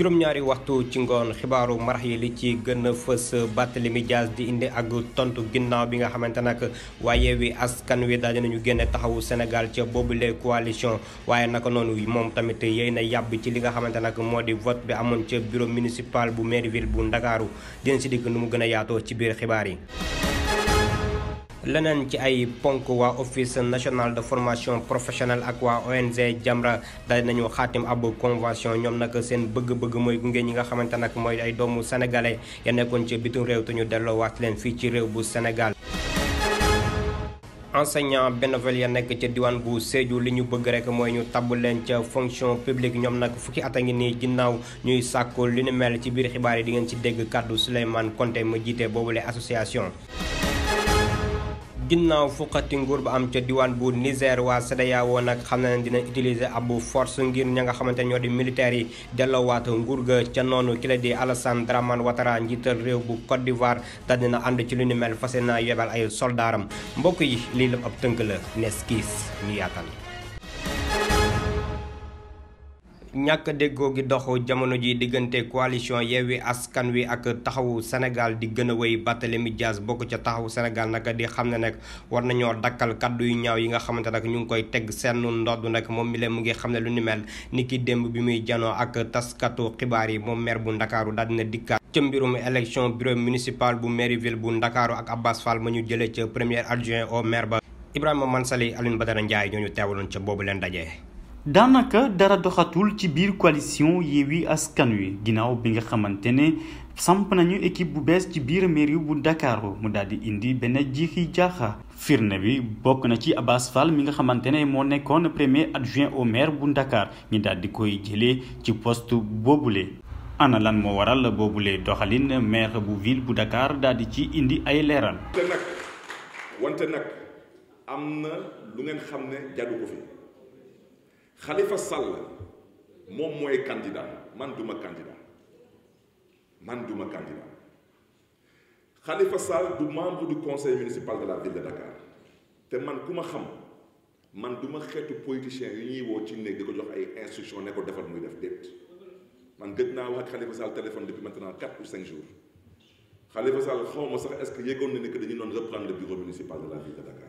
juróom-ñaari waxtu ci ngoon xibaaru marax yi li ci gën a fës Barthélémy Dias di indi ak tontu ginnaaw bi nga xamante nag waaye wi askan wi daal dinañu génn taxawu Sénégal ca boobule coalition waaye naka noonu moom tamit yéy na yàbb ci li nga xamante nag moo di vote bi amoon ca bureau municipal bu mairie ville bu Ndakaaru dina si dikk nu mu gën a yaatoo ci biir xibaar yi leneen ci ay ponk waa office national de formation professionnelle ak waa ONG Jamra daal nañu xaatim ab convention ñoom nag seen bëgg-bëgg mooy gunge ñi nga xamante nag mooy ay doomu sénégalais ya nekkoon ci bitim réew te ñu delloowaat leen fii ci réew bu Sénégal. enseignant bénévole ya nekk ca diwaan bu Sédhiou li ñu bëgg rekk mooy ñu tabb leen ca fonction publique ñoom nag fukki at a ngi nii ginnaaw ñuy sàkku li ni mel ci biir xibaar yi di ngeen ci dégg kàddu Souleymane Konté mu jiite boobule association. ginnaaw fuqati nguur ba am ca diwaan bu niger waa sadaya woon ak xam naleen dina utiliser ab bu force ngir ña nga xamante di militaire yi dellowaat nguur ga ca noonu ki la di alassane draman watara njiital réew bu côte d'ivoire da dina ànd ci lu ni mel fas yebal ay soldaaram mbokk yi lii lam ab tënk la neskis ñu yaatal ñàkk déggoo gi dox jamono ji diggante coalition Yewwi Askan Wi ak taxawu Sénégal di gën a wéy Barthélémy Dias bokk ca taxawu Sénégal nag di xam ne nag war nañoo dakkal kaddu yu ñaaw yi nga xamante nag ñu ngi koy teg seen ndodd nag moom mi leen mu ngi xam ne lu ni mel ni ki démb bi muy janoo ak taskatu xibaar yi moom maire bu Ndakaaru daal dina dikkaat ca mbirum élection bureau municipal bu mairie ville bu Ndakaaru ak Abbas Fall ma ñu jële ca premier adjoint au maire ba Ibrahima Mansali Alioune Badara Ndiaye ñoo ñu teewaloon ca boobu leen dajee daanaka dara doxatul ci biir coalition Yewwi Askan Wi ginnaaw bi nga xamante ne samp nañu équipe bu bees ci biir mairie bu Dakaaru mu daal di indi benn jiixi jaaxa firne bi bokk na ci Abass Fall mi nga xamante ne moo nekkoon premier adjoint au maire bu ndakaar ñi daal di koy jëlee ci poste boobule. ana lan moo waral boobulee doxalin maire bu ville bu ndakaar daal di ci indi ay leeral. am na Khalifa Sall mon candidat man candidat man candidat Khalifa Sall du membre du conseil municipal de la ville de Dakar te man xam man politicien ci ay instruction ko def man Khalifa Sall téléphone depuis maintenant 4 ou 5 jours Khalifa Sall ma sax est-ce que à reprendre le bureau municipal de la ville de Dakar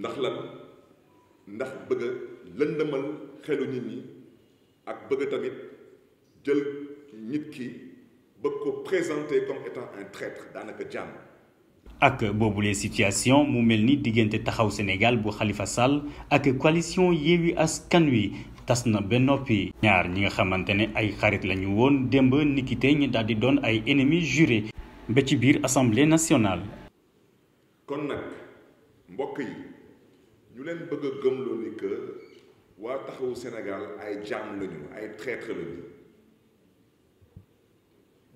ndax lan ndax bëgg a lëndëmal xelu nit ñi ak tamit jël nit ki bëgg ko comme un traître ak situation mu ni taxaw Sénégal bu Khalifa Sall ak coalition Askan Wi tas na ba ñaar ñi nga xamante ne ay xarit lañu woon démb ñu ennemis jurés assemblée nationale. kon ñu leen bëgg a gëmloo ni que waa taxawu Sénégal ay jaam lañu ay traître lañu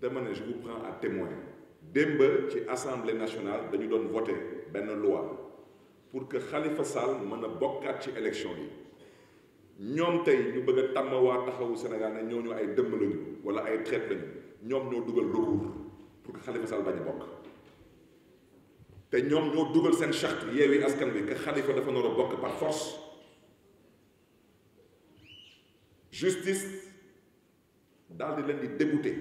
dama ne je vous prends à témoin démb ci assemblée nationale dañu doon voté benn loi pour que Khalifa Sall mën a bokkaat ci élection yi ñoom tey ñu bëgg a tàmm waa taxawu Sénégal ne ñooñu ay dëmm lañu wala ay traître lañu ñoom ñoo dugal recours pour que Khalifa Sall bañ a bokk te ñom ñoo duggal seen charte yeewi askan bi ke Khalifa dafa nar bokk par force justice dal di leen di débouté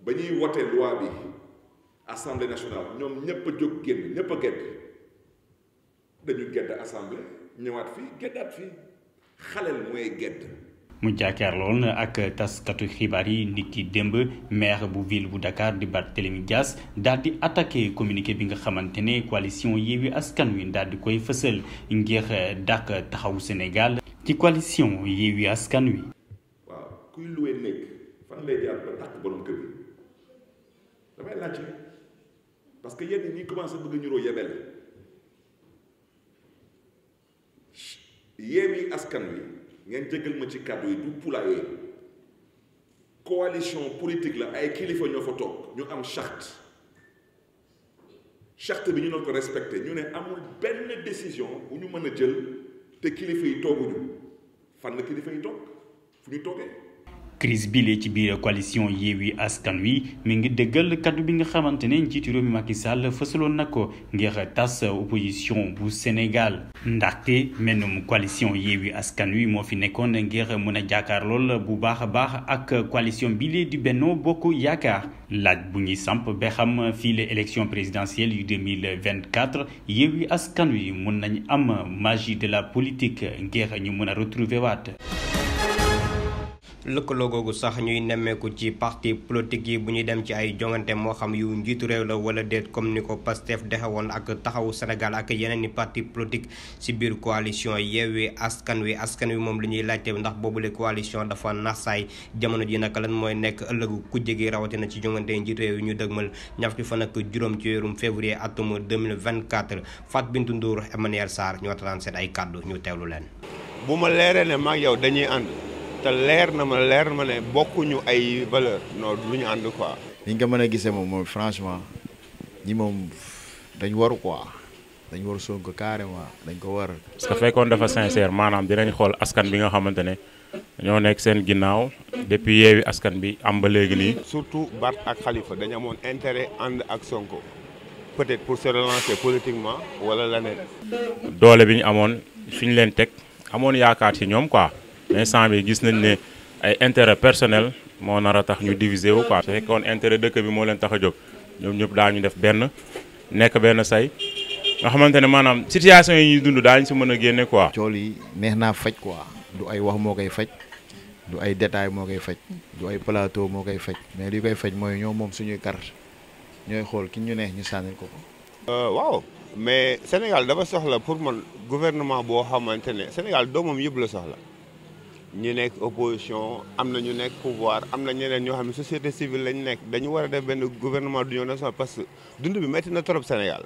ba ñuy wote loi bi assemblée nationale ñom ñépp a genn génn ñépp gedd dañu gedd assemblée ñëwaat fi geddaat fi xaleel mooy gedd mu jàkkaarloon ak taskatu xibaar yi nit ki démb maire bu ville bu Dakar di Barthélémy Dias daal di attaqué communiqué bi nga xamante ne coalition Yewwi Askan Wi daal di koy fësal ngir dàq taxawu Sénégal ci coalition Yewwi Askan Wi. waaw kuy loué nekk fan lay jaar ba dàq borom kër gi damay laajte parce que yéen ñi commencé bëgg a ñuroo yebel Yewwi Askan Wi ngeen jéggal ma ci kàddu yi du poulailler coalition politique la ay kilifa ñoo fa toog ñu am charte charte bi ñu doon ko respecté ñu ne amul benn décision bu ñu mën a jël te kilifa yi tooguñu fan la kilifa yi toog fu ñu toogee crise bi lee ci biir coalition Yewwi Askan Wi mi ngi dëggal kaddu bi nga xamante ne njiitu réew mi Macky Sall fësaloon na ko ngir tas opposition bu Sénégal ndaxte mennum coalition Yewwi Askan Wi moo fi nekkoon ngir mën a jàkkaarlool bu baax a baax ak coalition bi lee di Benno Bokk Yaakaar laaj bu ñuy samp ba xam fii la élection présidentielle yu 2024 Yewwi Askan Wi mun nañ am magie de la politique ngir ñu mën a retrouver waat lëkkaloo googu sax ñuy nemmeeku ci parti politique yi bu ñuy dem ci ay jongante moo xam yu njiitu réew la wala déet comme ni ko Pastef dexewoon ak taxawu Sénégal ak yeneen ni parti politique si biir coalition Yewwi askan wi askan wi moom li ñuy laajte ndax boobu boobule coalition dafa nasaay jamono ji naka lan mooy nekk ëllëgu kujje gi rawatina ci jongante njiit réew yi ñu dëgmal ñaar fa fan ak juróom ci weerum février atum 2024 Fat Bintou Ndour Emmanuel Sarr ñoo tataan seen ay kàddu ñu teewlu leen bu ma leeree ne maag yow dañuy te leer na ma leer ma ne bokkuñu ay valeur non lu ñu ànd quoi. ni ko mën a gisee moom mooy franchement ñi moom dañ waru quoi dañ waru Sonko carrément dañ ko war. parce que fekkoon dafa sincère maanaam dinañ xool askan bi nga xamante ne ñoo nekk seen ginnaaw depuis yeewi askan bi am ba léegi nii. surtout Bart ak Khalifa dañu amoon intérêt ànd ak Sonko peut-être pour se relancer politiquement wala leneen. doole bi ñu amoon fi ñu leen teg amoon yaakaar ci ñoom quoi. instant bi gis nañ ne ay intérêt personnel moo nar a tax ñu diviser wu quoi. su fekkoon intérêt dëkk bi moo leen tax a jóg ñoom ñëpp daa ñu def benn nekk benn say nga xamante ne maanaam situation yi ñuy dund daañu si mën a génne quoi. cool yi neex naa faj quoi du ay wax moo koy faj du ay détail moo koy faj du ay plateau moo koy faj mais li koy faj mooy ñoom moom suñuy kar ñooy xool ki ñu neex ñu sànnil ko ko. Euh, waaw mais Sénégal dafa soxla pour man gouvernement boo xamante ne Sénégal doomam yëpp la soxla. ñu nekk opposition am na ñu nekk pouvoir am na ñeneen ñoo xam ne société civile lañ nekk dañu war a def benn gouvernement d'union nationale parce que dund bi métti na trop Sénégal.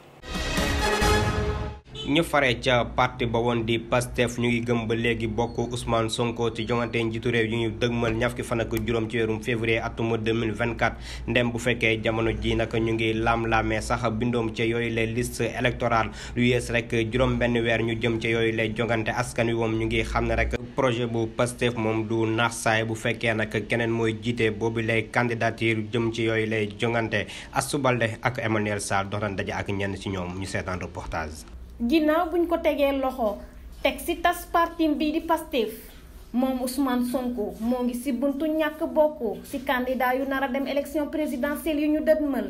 ñu fare ca parti ba woon di Pastef ñu ngi gëm ba léegi bokk usmaan Sonko ci joŋante njiitu réew yi ñu dëgmal ñaaf ki fan ak juróom ci weerum février atuma 2024 ndem bu fekkee jamono ji nag ñu ngi laam-laamee sax bindoom ca yooyu les list électorale lu yées rek juróom benn weer ñu jëm ca yooyu lay joŋante askan wi moom ñu ngi xam ne rek projet bu Pastef moom du naax saay bu fekkee nag keneen mooy jiite boobu lay candidature jëm ci yooyu lay joŋante Astou ak Emmanuel Sall dox daje ak ñenn ci ñoom ñu seetaan reportage ginnaaw buñ ko tegee loxo teg ci tas partim bii di Pastef moom Ousmane Sonko moo ngi ci buntu ñàkk bokk ci candidat yu nar a dem élection présidentielle yu ñu dëgmal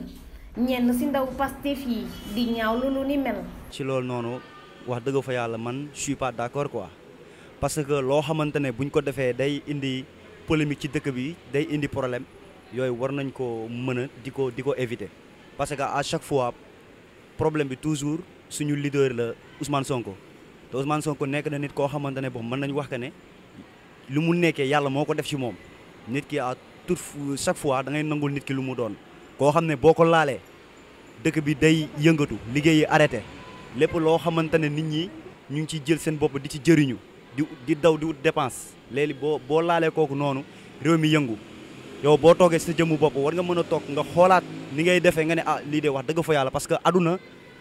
ñenn ci ndaw Pastef yi di ñaaw lu ni mel. ci loolu noonu wax dëgg fa yàlla man je suis pas d'accord quoi parce que loo xamante ne buñ ko defee day indi polémique ci dëkk bi day indi problème yooyu war nañ ko mën a di ko di ko éviter parce que à chaque fois problème bi toujours. suñu leader la Ousmane Sonko te Ousmane Sonko nekk na nit koo xamante ne boobu mën nañu wax que ne lu mu nekkee yàlla moo ko def ci moom nit ki à tout fu chaque fois da ngay nangul nit ki lu mu doon. koo xam ne boo ko laalee dëkk bi day yëngatu liggéey yi arrêté lépp loo xamante ne nit ñi ñu ngi ciy jël seen bopp di ci jëriñu di di daw di wut dépense léegi boo boo laalee kooku noonu réew mi yëngu. yow boo toogee sa jëmmu bopp war nga mën a toog nga xoolaat ni ngay defee nga ne ah lii wax dëgg fa yàlla parce que aduna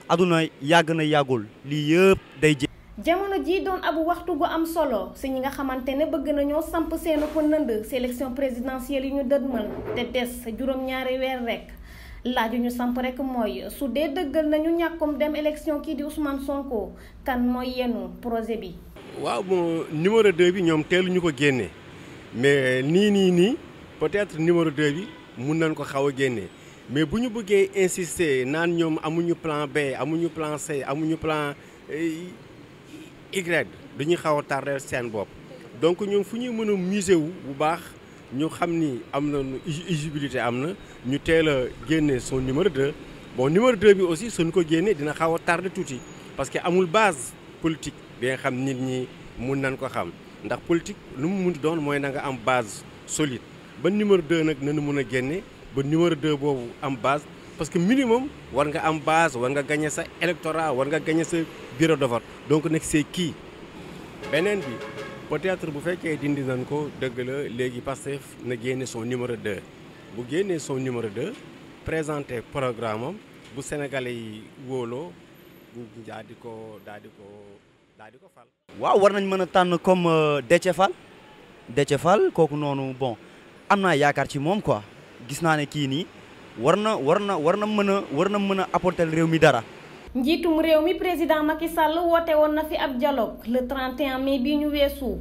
aduna yàgg na yàggul lii yëpp day jeex. jamono jii doon ab waxtu gu am solo si ñi nga xamante ne bëgg nañoo samp seenu ko nënd si élection présidentielle yi ñu dëdmal te des sa juróom-ñaari weer laaj laaju ñu samp rek mooy su dee dëggal nañu ñàkkum dem élection kii di Ousmane Sonko kan mooy yenu projet bi. waaw bon numéro 2 bi ñoom ñu ko génne mais nii nii nii peut-être numéro 2 bi mun nañ ko xaw a génne. mais si nous insister nous un plan B un plan C un plan Y Nous avons à donc nous, avons un un musée musé nous bu baax son numéro 2 bon numéro 2 aussi nous ko a tout parce base politique bi nga xam nit ñi politique nous donne base solide numéro 2 ba numéro de boobu am base parce que minimum war nga am base war nga gagné sa électorat war nga gagné sa biro de vote donc nag c'est kii beneen bi peut-être bu fekkee dindi nañ ko dëgg la léegi Pastef na génne soo numéro de bu génnee son numéro 2 présenter programme am bu Sénégalais yi wóoloo daa di ko daal di ko daa di ko fal. waaw war nañ mën a tànn comme euh, Déthié Fall kooku noonu bon am naa yaakaar ci moom quoi. gis naa ne kii nii war na war na war na mën a war na mën a apporter réew mi dara. njiitum réew mi président Macky Sall woote woon na fi ab dialogue le 31 mai bi ñu weesu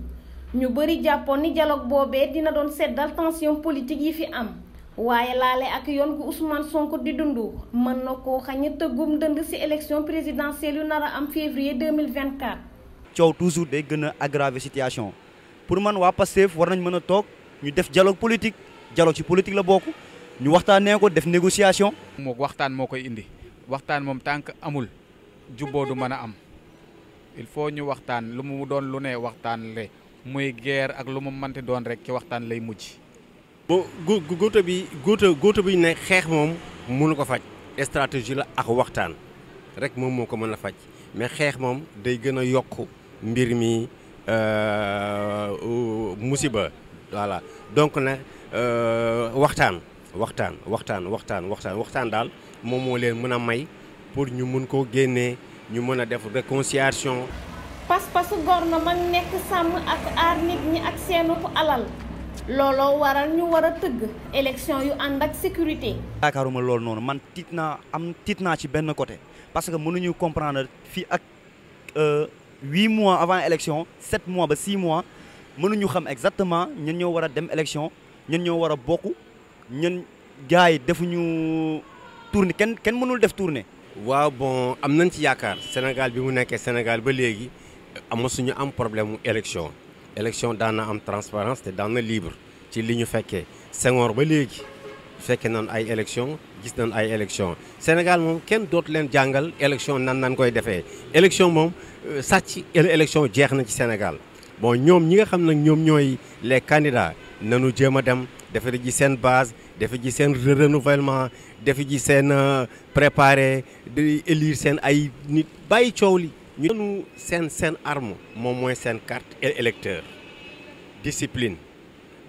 ñu bëri jàppoon ni dialogue boobee dina doon seddal tension politique yi fi am waaye laale ak yoon gu Ousmane Sonko di dund mën na koo xañ a tëggum dënd ci élection présidentielle yu nar a am février 2024. coow toujours day gën a aggraver situation pour man waa Pastef war nañ mën a toog ñu def dialogue politique. dialogue ci politique la bokk ñu waxtaanee ko def négociation. moom waxtaan moo koy indi waxtaan moom tànk amul jubboo du mën a am il faut ñu waxtaan lu mu doon lu ne waxtaan le muy guerre ak lu mu mante doon rek ci waxtaan lay mujj. bo góota bi góota góota bi ne xeex moom mënu ko faj stratégie la ak waxtaan rek moom moo ko mën a faj mais xeex moom day gën a yokk mbir mi euh, musiba. voilà donc ne euh, waxtaan waxtaan waxtaan waxtaan waxtaan waxtaan dal moom moo leen mën a may pour ñu mun koo génnee ñu mën a def réconciliation. pas-pasu góor na man nekk sàmm ak aar nit ñi ak seenu alal looloo waral ñu war a tëgg élection yu ànd ak sécurité. yaakaaruma loolu noonu man tiit naa am tiit naa ci benn côté parce que mënuñu comprendre fii ak euh, huit mois avant élection sept mois ba six mois mënuñu xam exactement ñan ñoo war dem élection ñan ñoo war a bokk ñan gars defuñu tournée kenn kenn mënul def tournée. waaw bon am nañ ci yaakaar Sénégal bi mu nekkee Sénégal ba léegi ama am problème élection élection daan na am transparence te daan na libre ci li ñu fekkee Senghor ba léegi fekkee nan ay élection gis nañ ay élection Sénégal moom kenn dootu leen jàngal élection nan nan koy defee élection moom euh, sàcc élection jeex na ci Sénégal bon ñom ñi nga xam nak ñom ñoy les candidats nañu jëma dem defe ji sen base defe ji sen renouvellement defe ji sen euh, préparer di élire sen ay nit bay ciowli ñu ñu nanu sen arme moom mooy sen carte électeur discipline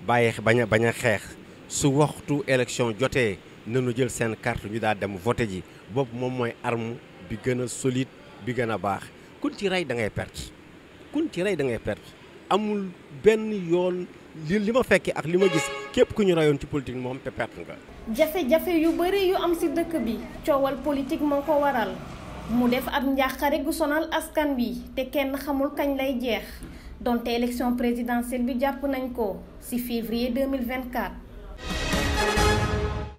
baye baña baña xex su waxtu élection jotee nañu jël sen carte ñu da dem voter ji bop mom moy arme bi gëna solide bi gëna bax kun ci ray da ngay perte kun ci rey da ngay perte amul benn yoon li li ma fekkee ak li ma gis képp ku ñu reyoon ci politique moom te perte nga. jafe-jafe yu bëri yu am si dëkk bi coowal politique moo ko waral mu def ab njàqare gu sonal askan bi te kenn xamul kañ lay jeex donte élection présidentielle bi jàpp nañ ko si février 2024.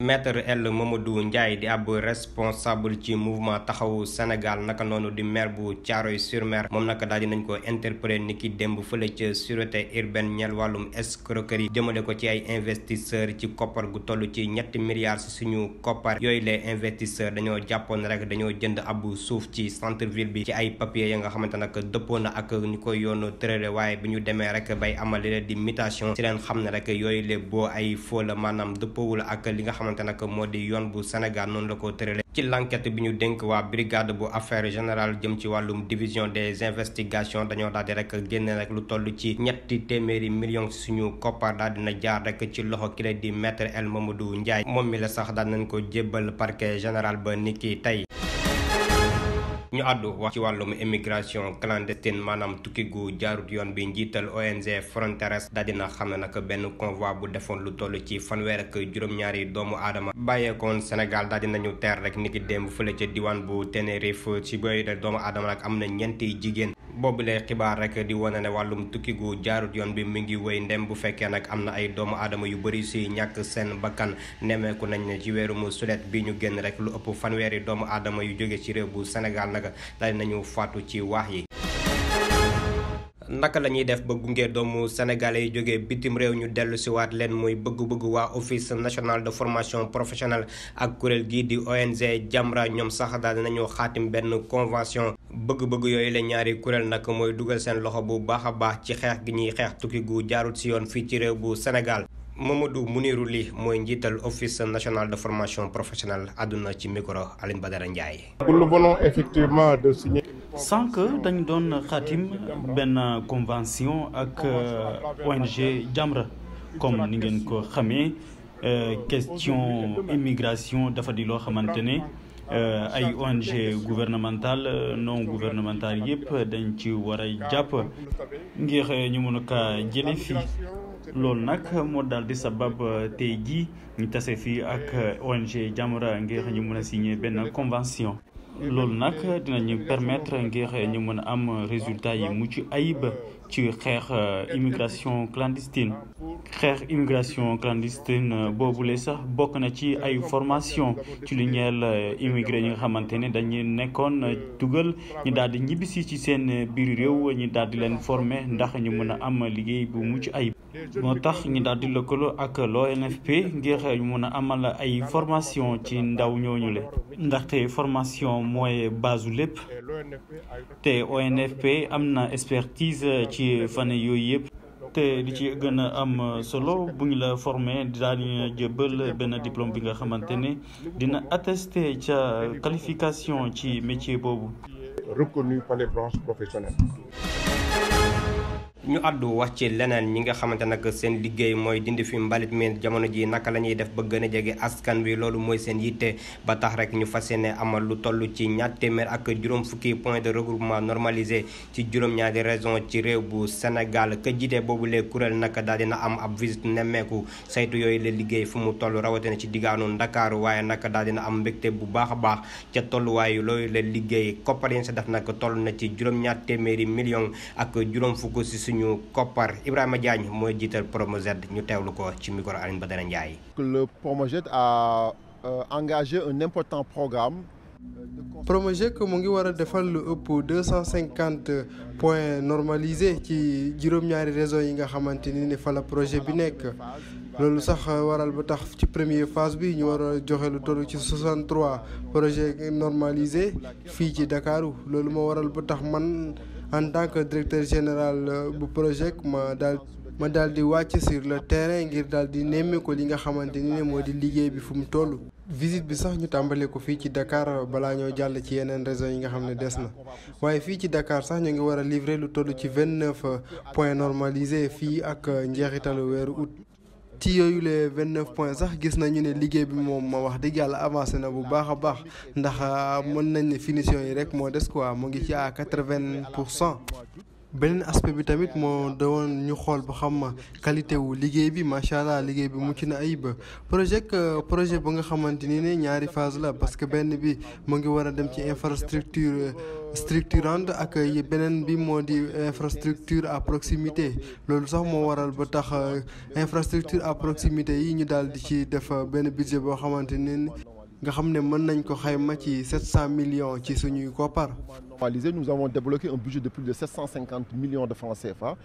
maître El Mamadou Ndiaye di ab responsable ci mouvement taxawu Sénégal naka noonu di maire bu Thiaroye sur Mer moom naka daal di nañ ko interpellé ni ki démb fële ca sûreté urbaine ñel wàllum yi jëmale ko ci ay investisseurs ci koppar gu toll ci ñetti milliards si suñu koppar yooyu les investisseurs dañoo jàppoon rek dañoo jënd ab suuf ci centre ville bi ci ay papiers ya nga xamante nag dëppoo na ak ñu koy yoonu tërale waaye bi ñu demee rek bay amali di mutation si leen xam ne rek yooyu les boo ay faux maanaam dëppoowul ak li xam xamante nag moo di yoon bu Sénégal noonu la ko tërale ci l'enquête bi ñu dénk waa brigade bu affaire générale jëm ci wàllum division des investigations dañoo daal di rek génne rek lu toll ci ñetti téeméeri millions suñu koppar daal dina jaar rek ci loxo ki di maître El du Ndiaye moom mi la sax daal nañ ko jébbal parquet général ba niki tey ñu àddu wax ci wàllum immigration clandestine maanaam tukki gu jaarut yoon bi njiital ONG Fronteras daal na xam ne nag benn convoi bu defoon lu toll ci fanweer ak juróom-ñaari doomu aadama bàyyeekoon Sénégal daal nañu teer rek niki démb fële ca diwaan bu Tenerife ci boy doomu aadama nag am na ñeenti jigéen boobu lay xibaar rek di wane ne wàllum tukki gu jaarut yoon bi mu ngi woy ndem bu fekkee nag am na ay doomu aadama yu bëri si ñàkk seen bakkan nemeeku nañ ne ci weerum sulet bi ñu génn rek lu ëpp fanweeri doomu aadama yu jóge ci réew bu Sénégal nag daal nañu faatu ci waax yi naka la ñuy def ba gunge doomu sénégalais yi jógee bitim réew ñu dellu si waat leen mooy bëgg-bëgg waa office national de formation professionnelle ak kuréel gii di ONG Jamra ñoom sax daal nañu xaatim benn convention bëgg-bëgg yooyu la ñaari kuréel nag mooy dugal seen loxo bu baax a baax ci xeex gi ñuy xeex tukki gu jaarut si yoon fii ci réew bu Sénégal Mamadou Muniru Li mooy njiital office national de formation professionnelle àdduna ci micro Aline Badara Ndiaye. sànq dañ doon xaatim benn convention ak euh, ONG Jamra comme ni ngeen ko xamee euh, question immigration dafa di loo xamante ne euh, ay ONG gouvernemental non gouvernementale yëpp dañ ci war a jàpp ngir ñu mën ko jële fii loolu nag moo daal di sabab tey jii ñu tase fii ak ONG Jamra ngir ñu mën a signer benn convention loolu nag dinañu permettre ngir ñu mën a am résultat yi mucc ayib ci xeex euh, immigration clandestine xeex immigration clandestine euh, boobule sax bokk na ci ay formation ci lu ñeel euh, immigré ñi nga xamante ne dañu nekkoon tugal ñu daal di ñibbisi ci seen biir réew ñu daal di former ndax ñu a am liggéey bu mucc ayib. moo tax ñu daal ak l'ONFP ngir ñu mën a amal ay formation ci ndaw ñooñu formation mooy basulep. lépp ONFP expertise. ci fan yooyu yépp te li ci gën a am uh, solo bu ñu la formé daañu jëbal uh, benn diplôme bi nga xamante ne dina attesté ca uh, qualification ci métier boobu reconnu par les branches professionnelles ñu àddu wax ci leneen ñi nga xamante nag seen liggéey mooy dindi fi mbalit mi jamono ji naka la ñuy def ba gën a jege askan wi loolu mooy seen yitte ba tax rek ñu fas yéene amal lu toll ci ñaar téeméer ak juróom fukki point de regroupement normalisé ci juróom-ñaari région ci réew bu Sénégal ka jiite boobu lee kuréel naka daal dina am ab visite nemmeeku saytu yooyu la liggéey fu mu toll rawatina ci diggaanu Ndakaaru waaye nag daal dina am mbégte bu baax baax ca tolluwaayu looyu la liggéey koppar yi def nag toll na ci juróom téeméeri million suñu koppar Ibrahima Diagne mooy jiital Z ñu teewlu ko ci micro Alioune Badara Ndiaye. le Promozed a euh, engagé un important programme. que mu ngi war a defal lu ëpp deux points normalisés ci juróom-ñaari réseau yi nga xamante ni ne fa la projet bi nekk loolu sax waral ba tax ci premier phase bi ñu war a joxe lu toll ci 63 projet normalisé fii ci Dakar loolu moo waral ba tax man en tant que directeur général du euh, projet ma dal ma daal di wacc sur le terrain ngir dal di nemme ko li nga xamante ni modi di liggéey bi fum tollu visite bi sax ñu tambalé ko fi ci Dakar bala ñoo jall ci yeneen régions yi nga xamné dess na waaye fi ci Dakar sax ñu ngi wara livrer lu tollu ci 29 neuf euh, points normalisés fii ak euh, njeexitalu weeru août. ci yooyu les vingt neuf points sax gis nañu ne liggéey bi moom ma wax dëgg yàlla avancé na bu baax a baax ndax euh, mën nañ ne finition yi rek moo des quoi mu ngi ci quatre vingt pour cent. beneen aspect bi tamit moo doon ñu xool ba xam qualité wu liggéey bi macha allah liggéey bi mucc na ayib projet projet ba nga xamante ni ne ñaari phase la parce que benn bi mu ngi war a dem ci infrastructure structurante ak beneen bi moo di infrastructure à proximité loolu sax moo waral ba tax infrastructure à proximité yi ñu daal di ci def benn budget boo xamante ni nga xam ne mën nañ ko xayma ci 700 millions ci suñuy koppar. nous avons débloqué un budget de plus de 750 millions de francs CFA.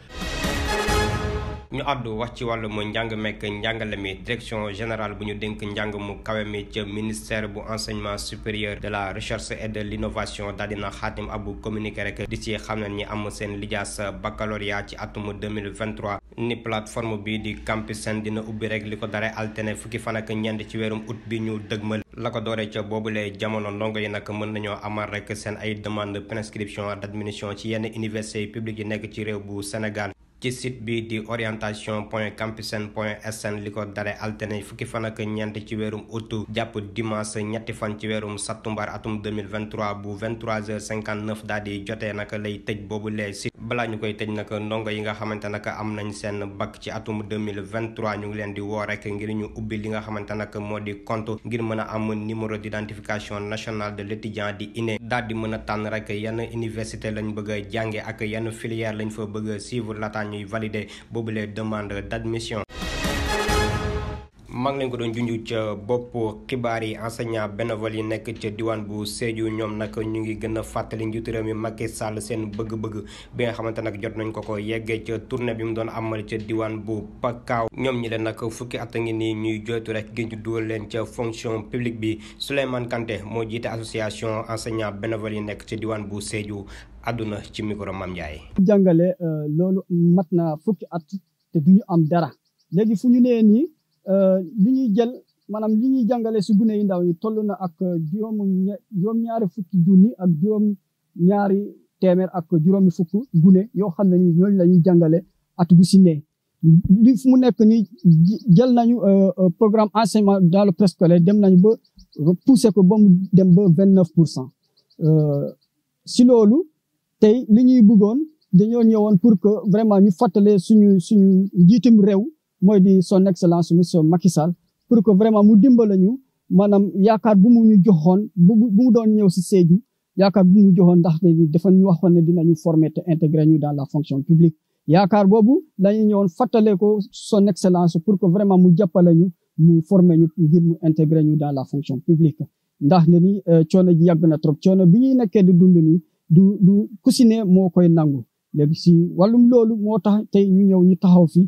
ñu àddu wax ci wàllu mu njàng mekk njàngale mi direction générale bu ñu dénk njàng mu kawe mi ca ministère bu enseignement supérieur de la recherche et de l'innovation daal dina xaatim abu communiqué rek di ci xam ne ñi am seen lijaas baccalauréat ci atum 2023 ni plateforme bi di campus seen dina ubbi rek li ko dare alterné fukki fan ak ñeent ci weerum août bi ñu dëgmal la ko dooree ca boobulee jamono ndongo yi nag mën nañoo amal rek seen ay demande prescription d'admission ci yenn université publique yi nekk ci réew bu Sénégal ci site bi di orientation point campusen point sn li ko dare altine fukki fan ak ñeent ci weerum août jàpp dimanche ñetti fan ci weerum sattumbar atum 2023 bu 23h59 daal di jotee naka lay tëj boobu lee site balaa ñu koy tëj nag ndongo yi nga xamante nag am nañ seen bac ci atum 2023 ñu ngi leen di woo rek ngir ñu ubbi li nga xamante nag moo di compte ngir mën a am numéro d'identification nationale de l'étudiant di INE daal di mën a tànn rek yan université lañ bëgg a jànge ak yan filière lañ fa bëgg a suivre laataa ñuy valider boobulee demande d'admission maa ngi leen ko doon junj ca bopp xibaar yi enseignant bénévole yi nekk ca diwaan bu Sédhiou ñoom nag ñu ngi gën a fàttali njiitu réew mi Macky Sall seen bëgg-bëgg bi nga xamante nag jot nañ ko ko yeggee ca tournée bi mu doon amal ca diwaan bu Pakaaw ñoom ñi leen nag fukki at a ngi nii ñuy joytu rek ngir ñu dugal leen ca fonction publique bi Souleymane kante moo jiite association enseignant bénévole yi nekk ca diwaan bu Sédhiou àdduna ci micro Mame Ndiaye. jàngale euh, loolu mat na fukki at te duñu am dara léegi Euh, li ñuy jël maanaam li ñuy jàngale si gune yi ndaw yi toll na ak euh, juróom juróom-ñaari fukki junni ak juróom-ñaari téeméer ak juróomi fukk gune yoo xam ne ni ñooñu la ñuy jàngale at bu si ne li mu nekk ni jël nañu euh, programme enseignement dans le préscolaire dem nañu ba poussé ko ba mu dem ba vingt neuf pour cent si loolu tey li ñuy bëggoon dañoo ñëwoon pour que vraiment ñu fàttale suñu suñu njiitum réew mooy di son excellence monsieur Macky Sall pour que vraiment mu dimbale ñu maanaam yaakaar bu mu ñu joxoon bu mu doon ñëw si Sédhiou yaakaar bu mu joxoon ndax dafa ñu waxoon ne dinañu former te intégrer ñu dans la fonction publique. yaakaar boobu dañu ñëwoon fàttale ko son excellence pour que vraiment mu jàppale ñu mu former ñu ngir mu intégrer ñu dans la fonction publique ndax ne ni euh, coono ji yàgg na trop coono bi ñuy nekkee di dund nii du du ku moo koy nangu léegi si wàllum loolu moo tax tey ñu ñëw ñu taxaw fii.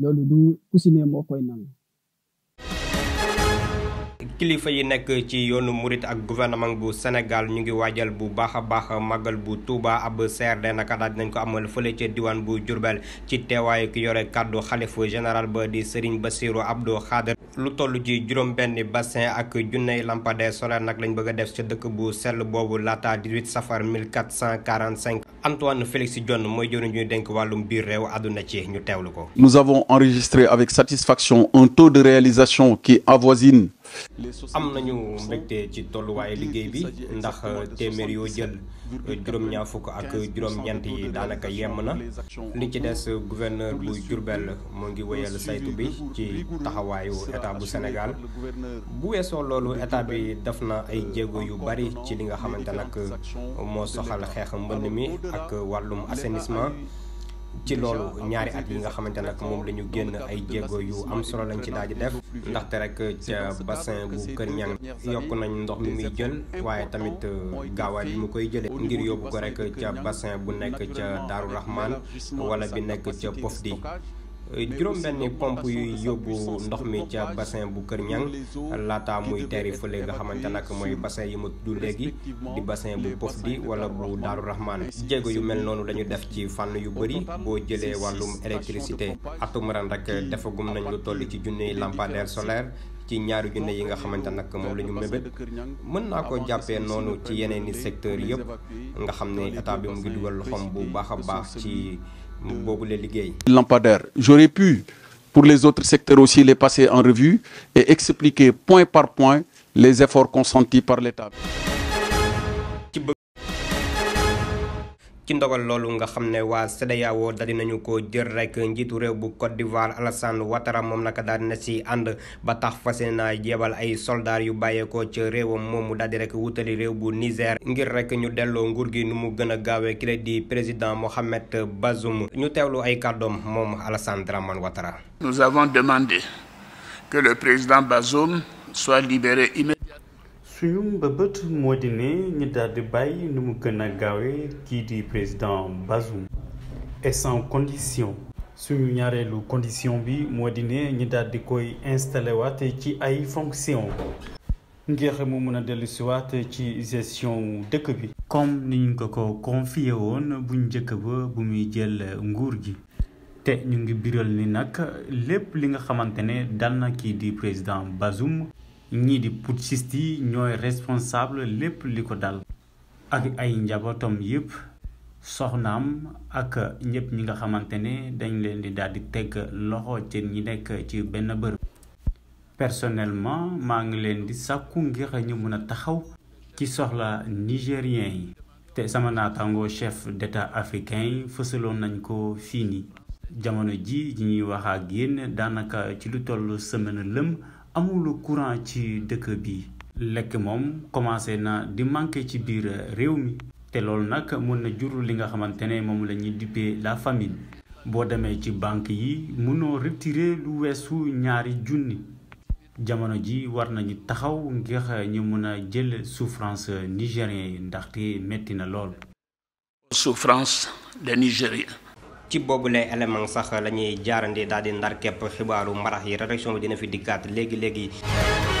loolu du ku si moo koy nangu kilifa yi nek ci yoonu mouride ak gouvernement bu Sénégal ñu ngi wajal bu baax a magal bu Touba ab serde naka daal dinañ ko amal fële ci diwan bu Diourbel ci teewaayu ki yore kàddu xalifu général ba di Serigne Bassirou Abdou Khader. lu tollu ci juroom benn bassin ak junney lampadaire solaire nak lañ bëgg def ci dëkk bu sell bobu lata 18 safar 1445 Antoine Félix Diome moy jëriñ ñu dénk walum biir réew aduna ci ñu tewlu ko. Nous avons enregistré avec satisfaction un taux de réalisation qui avoisine am nañu mbégte ci tolluwaayu liggéey bi ndax téeméer yoo jël juróom-ñaar ak juróom-ñeent yi daanaka yemm na li ci des gouverneur bu Diourbel mu ngi wéyal saytu bi ci taxawaayu état bu Sénégal bu weesoo loolu état bi def na ay jéego yu bari ci li nga xamante nag moo soxal xeex mbënd mi ak wàllum assainissement ci loolu ñaari at yi nga xamante nag moom la génn ay jéego yu am solo lañ ci daal di def ndaxte rek ca euh, bassin bu Kër ñan yokk nañ ndox mi muy jël waaye tamit gaawaay yi mu koy jële ngir yóbbu ko rek ca bassin bu nekk ca Daaru Rahman wala bi nekk ca Pofdi Euh, juróom benni pompe yuy yóbbu ndox mi ca bassin bu Kër Ñang laata muy teeri fële nga xamante nag mooy bassin yi ma du léegi di bassin bu pof di wala bu daaru rahmaan jéego yu mel noonu lañu def ci fànn yu bëri boo jëlee wàllum électricité atum ren rek defagum nañ lu toll ci yi lampadaire solaire ci ñaari junne yi nga xamante nag moom la ñu mébét mën naa ko jàppee noonu ci yeneen i secteurs yëpp nga xam ne état bi mu ngi dugal loxoom bu baax a baax ci Lampadaire, j'aurais pu, pour les autres secteurs aussi, les passer en revue et expliquer point par point les efforts consentis par l'État. ci ndogal loolu nga xam ne waa CEDEAO daldi nañu ko rek bu Côte d'Ivoire Alassane Ouattara moom naka daal na si ànd ba tax fasena yéene jebal ay soldat yu bàyyeekoo ca réewam moom mu di rek wutali réew bu Niger ngir rek ñu di président Mohamed Bazoum ñu teewlu ay kàddoom moom Alassane Nous avons demandé que le président Bazoum soit libéré immédiatement. suñu mbëbët moo di ne ñu daal di bàyyi nu mu gën a gaawee kii di président Bazoum et sans condition suñu ñaareelu condition bi moo di ne ñu daal di koy installe waat ci ay fonction ngir mu mën a dellusi waat ci gestion dëkk bi comme ni ñu ko ko confié woon bu njëkk ba bu muy jël nguur gi te ñu ngi biral ni nag lépp li nga xamante ne dal na kii di président Bazoum ñii di putsiste yi ñooy responsable lépp li ko dal ak ay njabootam yépp soxnaam ak ñëpp ñi nga xamante ne dañ leen di daal di teg loxo ci ñi nekk ci benn bër personnellement maa ngi leen di sakku ngir ñu mun taxaw ci soxla nigérien yi te sama naataango chef d' état africain fësaloon nañ ko fii nii jamono ji ñuy wax ak yéen ci lu toll semaine lëmm amul courant ci dëkk bi lekk moom commencé na di manqué ci biir réew mi te loolu nag mën na jur li nga xamante ne moom la ñuy dippee la famine boo demee ci banque yi munoo retirer lu weesu ñaari junni jamono ji war nañu taxaw ngir ñu mën a jël souffrance nigérien yi ndaxte metti na lool ci boobu lay élément sax la ñuy jaarandi daal di ndar képp xibaaru marax yi rédaction bi dina fi dikkaat léegi léegi.